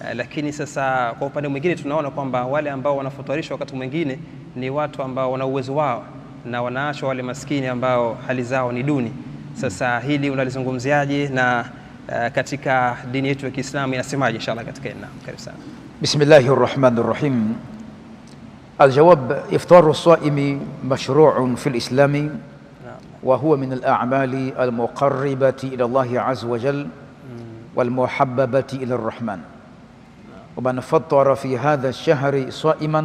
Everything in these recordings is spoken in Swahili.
Eh, lakini sasa kwa upande mwingine tunaona kwamba wale ambao wanafutarishwa wakati mwingine ni watu ambao wana uwezo wao na wanaachwa wale maskini ambao hali zao ni duni. Sasa hili unalizungumziaje na uh, katika dini yetu ya Kiislamu inasemaje inshallah katika ina. Karibu sana. Bismillahir Rahmanir Rahim. Aljawab iftaru saimi mashru'un fi lislami wa huwa min alamali amali al-muqarribati ila Allah azza wa jalla mm. wal ila ar-Rahman. ومن فطر في هذا الشهر صائما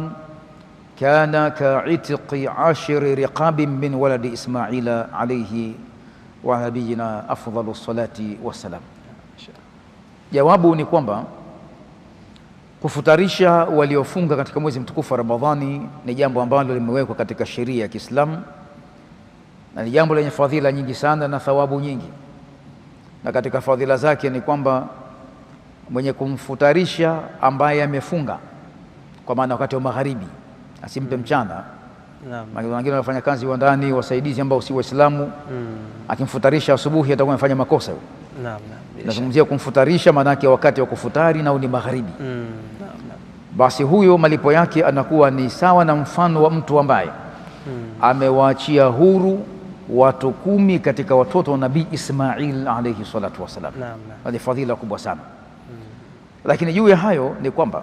كان كعتق عشر رقاب من ولد إسماعيل عليه wanabiyina afdhalu salati wassalam. Jawabu ni kwamba kufutarisha waliofunga katika mwezi mtukufu wa Ramadhani ni jambo ambalo limewekwa katika sheria ya Kiislamu na ni jambo lenye fadhila nyingi sana na thawabu nyingi, na katika fadhila zake ni kwamba mwenye kumfutarisha ambaye amefunga, kwa maana wakati wa magharibi asimpe mm. mchana. Wengine wanafanya kazi ndani, wasaidizi ambao si Waislamu mm. akimfutarisha asubuhi atakuwa amefanya makosa. Nazungumzia kumfutarisha, yake wakati wa kufutari na ni magharibi mm. Basi huyo malipo yake anakuwa ni sawa na mfano wa mtu ambaye mm. amewaachia huru watu kumi katika watoto wa Nabii Ismail alayhi salatu naam. Ni fadhila kubwa sana. Lakini juu ya hayo ni kwamba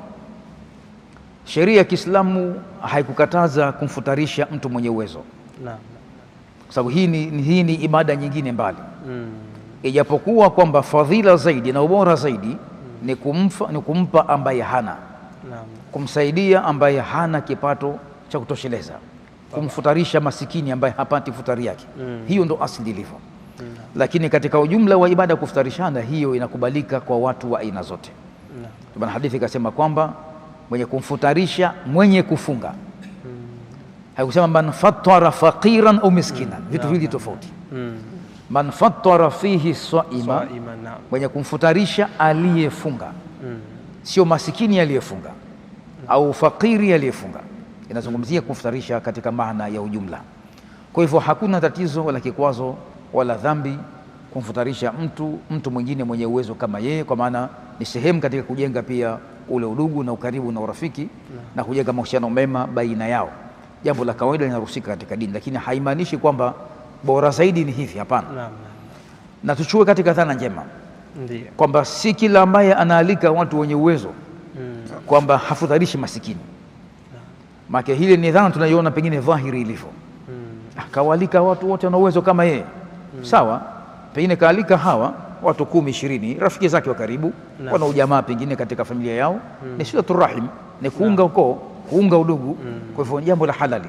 sheria ya Kiislamu haikukataza kumfutarisha mtu mwenye uwezo kwa sababu hii ni, hii ni ibada nyingine mbali mm. Ijapokuwa kwamba fadhila zaidi na ubora zaidi mm. ni, kumfa, ni kumpa ambaye hana naam, kumsaidia ambaye hana kipato cha kutosheleza, kumfutarisha masikini ambaye hapati futari yake mm. Hiyo ndo asili ilivyo mm. Lakini katika ujumla wa ibada ya kufutarishana hiyo inakubalika kwa watu wa aina zote. Ndio maana hadithi ikasema kwamba mwenye kumfutarisha mwenye kufunga hmm. haikusema man fatwara faqiran au miskinan, hmm. vitu viwili tofauti. Hmm. Man fatara fihi saima, mwenye kumfutarisha aliyefunga, sio masikini aliyefunga au fakiri aliyefunga, inazungumzia kumfutarisha katika maana ya ujumla. Kwa hivyo hakuna tatizo wala kikwazo wala dhambi kumfutarisha mtu mtu mwingine mwenye uwezo kama yeye, kwa maana ni sehemu katika kujenga pia ule udugu na ukaribu na urafiki na, na kujenga mahusiano mema baina yao. Jambo la kawaida linaruhusika katika dini, lakini haimaanishi kwamba bora zaidi ni hivi. Hapana, na, na tuchue katika dhana njema kwamba si kila ambaye anaalika watu wenye uwezo mm, kwamba hafutarishi masikini maana hili ni dhana tunaiona pengine dhahiri ilivyo. Mm, akawalika watu wote wana uwezo kama yeye mm, sawa pengine kaalika hawa watu kumi ishirini rafiki zake wa karibu wana ujamaa pengine katika familia yao mm. ni silatu rahim ni kuunga ukoo kuunga udugu mm. kwa hivyo jambo la halali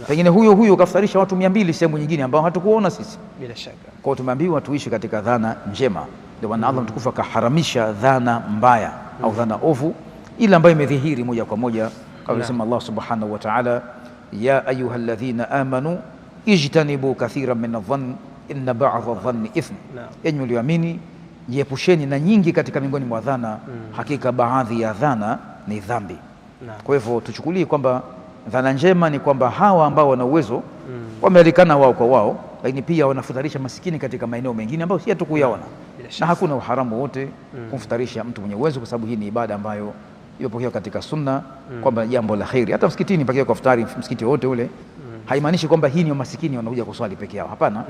la. Pengine huyo huyo kafutarisha watu mia mbili sehemu nyingine ambao hatukuona sisi. Bila shaka kwao tumeambiwa tuishi katika dhana njema, ndio maana Allah mtukufu akaharamisha dhana mbaya mm. au hmm. dhana ovu ile ambayo imedhihiri moja kwa moja kama alisema Allah subhanahu wa ta'ala, ya ayuha alladhina amanu ijtanibu kathiran min adh-dhann inna ba'dha dhanni ithm, enyi mlioamini jiepusheni na nyingi katika miongoni mwa dhana mm. hakika baadhi ya dhana ni dhambi. Kwa hivyo tuchukulie kwamba dhana njema ni kwamba hawa ambao wana uwezo mm. wamealikana wao kwa wao, lakini pia wanafutarisha masikini katika maeneo mengine ambayo si hatukuyaona, na hakuna uharamu wote mm. kumfutarisha mtu mwenye uwezo, kwa sababu hii ni ibada ambayo imepokewa katika sunna mm. kwamba jambo la kheri. Hata msikitini pakiwa kwa futari, msikiti wote ule haimaanishi kwamba hii ni wamasikini wanakuja kuswali peke yao. Hapana,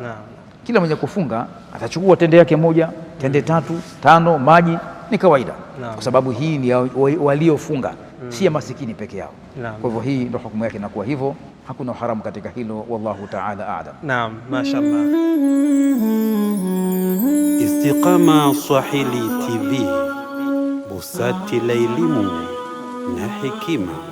kila mwenye kufunga atachukua tende yake moja, tende tatu, tano, maji ni kawaida, kwa sababu hii ni waliofunga, mm. si ya masikini peke yao. Kwa hivyo hii ndio hukumu yake, inakuwa hivyo, hakuna uharamu katika hilo. Wallahu taala aalam. Naam, mashaallah. Istiqama Swahili TV, busati la elimu na hekima.